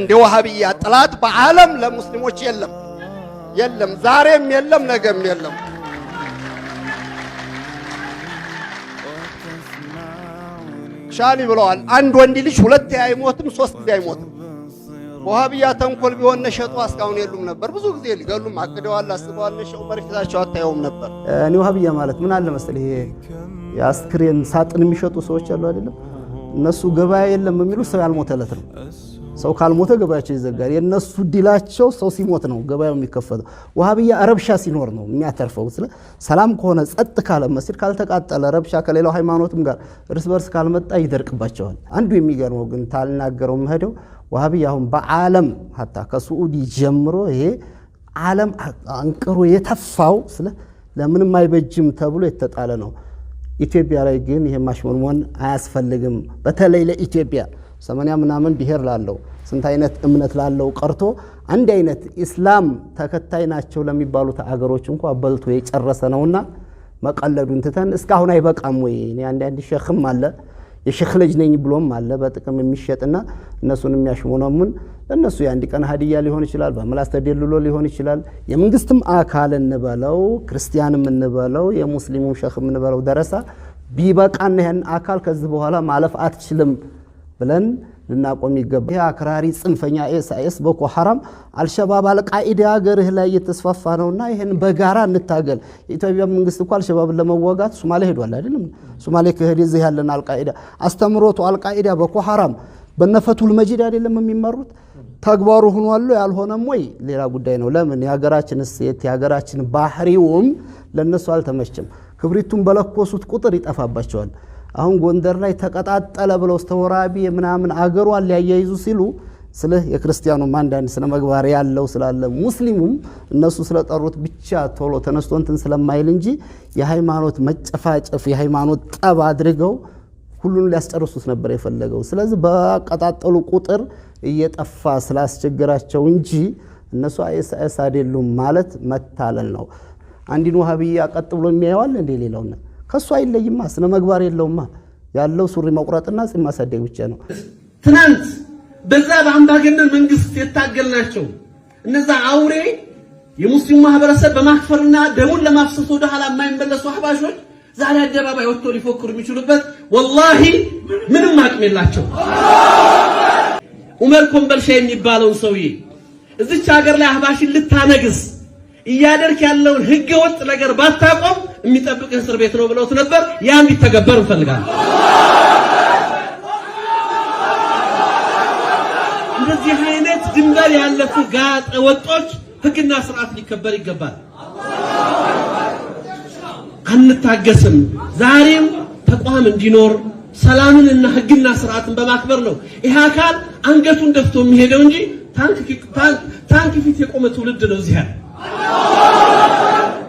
እንደ ወሃብያ ጥላት በዓለም ለሙስሊሞች የለም የለም፣ ዛሬም የለም፣ ነገም የለም። ሻኒ ብለዋል። አንድ ወንድ ልጅ ሁለት አይሞትም፣ ሶስት ጊዜ አይሞትም። ወሃብያ ተንኮል ቢሆን ነሸጡ እስካሁን የሉም ነበር። ብዙ ጊዜ ሊገሉም አቅደዋል፣ አስበዋል። ነሸጡ መርፊታቸው አታየውም ነበር። እኔ ወሃብያ ማለት ምን አለ መሰለህ፣ ይሄ የአስክሬን ሳጥን የሚሸጡ ሰዎች አሉ አይደለም? እነሱ ገበያ የለም የሚሉ ሰው ያልሞተለት ነው ሰው ካልሞተ ገበያቸው ይዘጋል። የነሱ ዲላቸው ሰው ሲሞት ነው ገበያው የሚከፈተው። ውሃብያ ረብሻ ሲኖር ነው የሚያተርፈው። ስለ ሰላም ከሆነ ጸጥ ካለ መስጅድ ካልተቃጠለ ረብሻ ከሌላው ሃይማኖትም ጋር እርስ በርስ ካልመጣ ይደርቅባቸዋል። አንዱ የሚገርመው ግን ታልናገረው መሄደው ውሃብያ አሁን በዓለም ሀታ ከሱዑዲ ጀምሮ ይሄ ዓለም አንቅሮ የተፋው ስለ ለምንም አይበጅም ተብሎ የተጣለ ነው። ኢትዮጵያ ላይ ግን ይሄ ማሽሞንሞን አያስፈልግም፣ በተለይ ለኢትዮጵያ ሰማንያ ምናምን ብሔር ላለው ስንት አይነት እምነት ላለው ቀርቶ አንድ አይነት ኢስላም ተከታይ ናቸው ለሚባሉት አገሮች እንኳ በልቶ የጨረሰ ነውና መቀለዱን ትተን እስካሁን አይበቃም ወይ? እኔ አንዳንድ ሸክም አለ የሸክ ልጅ ነኝ ብሎም አለ በጥቅም የሚሸጥና እነሱን የሚያሽሞነሙን እነሱ የአንድ ቀን ሀዲያ ሊሆን ይችላል፣ በምላስ ተደልሎ ሊሆን ይችላል። የመንግስትም አካል እንበለው ክርስቲያንም እንበለው የሙስሊሙም ሸክም እንበለው ደረሳ ቢበቃና ይህን አካል ከዚህ በኋላ ማለፍ አትችልም ብለን ልናቆም ይገባል። ይህ አክራሪ ጽንፈኛ ኤስአኤስ፣ ቦኮ ሐራም፣ አልሸባብ፣ አልቃኢዳ ሀገርህ ላይ እየተስፋፋ ነውና ይህን በጋራ እንታገል። የኢትዮጵያ መንግስት እኮ አልሸባብን ለመዋጋት ሶማሌ ሄዷል አይደለም? ሶማሌ ክህድ ዚህ ያለን አልቃኢዳ አስተምሮቱ አልቃኢዳ ቦኮ ሐራም በነፈቱል መጂድ አይደለም የሚመሩት ተግባሩ ሆኗል። ያልሆነም ወይ ሌላ ጉዳይ ነው። ለምን የሀገራችን እሴት የሀገራችን ባህሪውም ለነሱ አልተመችም። ክብሪቱን በለኮሱት ቁጥር ይጠፋባቸዋል። አሁን ጎንደር ላይ ተቀጣጠለ ብለው ስተወራቢ ምናምን አገሯን ሊያያይዙ ሲሉ ስለ የክርስቲያኑም አንዳንድ ስነ መግባር ያለው ስላለ ሙስሊሙም እነሱ ስለጠሩት ብቻ ቶሎ ተነስቶ እንትን ስለማይል እንጂ የሃይማኖት መጨፋጨፍ የሃይማኖት ጠብ አድርገው ሁሉን ሊያስጨርሱት ነበር የፈለገው። ስለዚህ በቀጣጠሉ ቁጥር እየጠፋ ስላስቸግራቸው እንጂ እነሱ አይስ አይደሉም ማለት መታለል ነው። አንዲን ውሃብያ ቀጥ ብሎ የሚያየዋል እንደ ከእሱ አይለይማ። ስነ መግባር የለውማ። ያለው ሱሪ መቁረጥና ጺም ማሳደግ ብቻ ነው። ትናንት በዛ በአምባገነን መንግስት የታገልናቸው እነዛ አውሬ የሙስሊሙ ማህበረሰብ በማክፈርና ደሙን ለማፍሰስ ወደ ኋላ የማይመለሱ አህባሾች ዛሬ አደባባይ ወጥቶ ሊፎክሩ የሚችሉበት ወላሂ ምንም አቅም የላቸው። ዑመር ኮምበልሻ የሚባለውን ሰውዬ እዚች ሀገር ላይ አህባሽን ልታነግስ እያደርክ ያለውን ህገወጥ ነገር ባታቆም የሚጠብቅ እስር ቤት ነው ብለውት ነበር። ያ እንዲተገበር እንፈልጋለን። እንደዚህ አይነት ድንበር ያለፉ ጋጠ ወጦች ህግና ስርዓት ሊከበር ይገባል። አንታገስም። ዛሬም ተቋም እንዲኖር ሰላምንና ህግና ስርዓትን በማክበር ነው። ይህ አካል አንገቱን ደፍቶ የሚሄደው እንጂ ታንክ ፊት የቆመ ትውልድ ነው እዚህ ያለ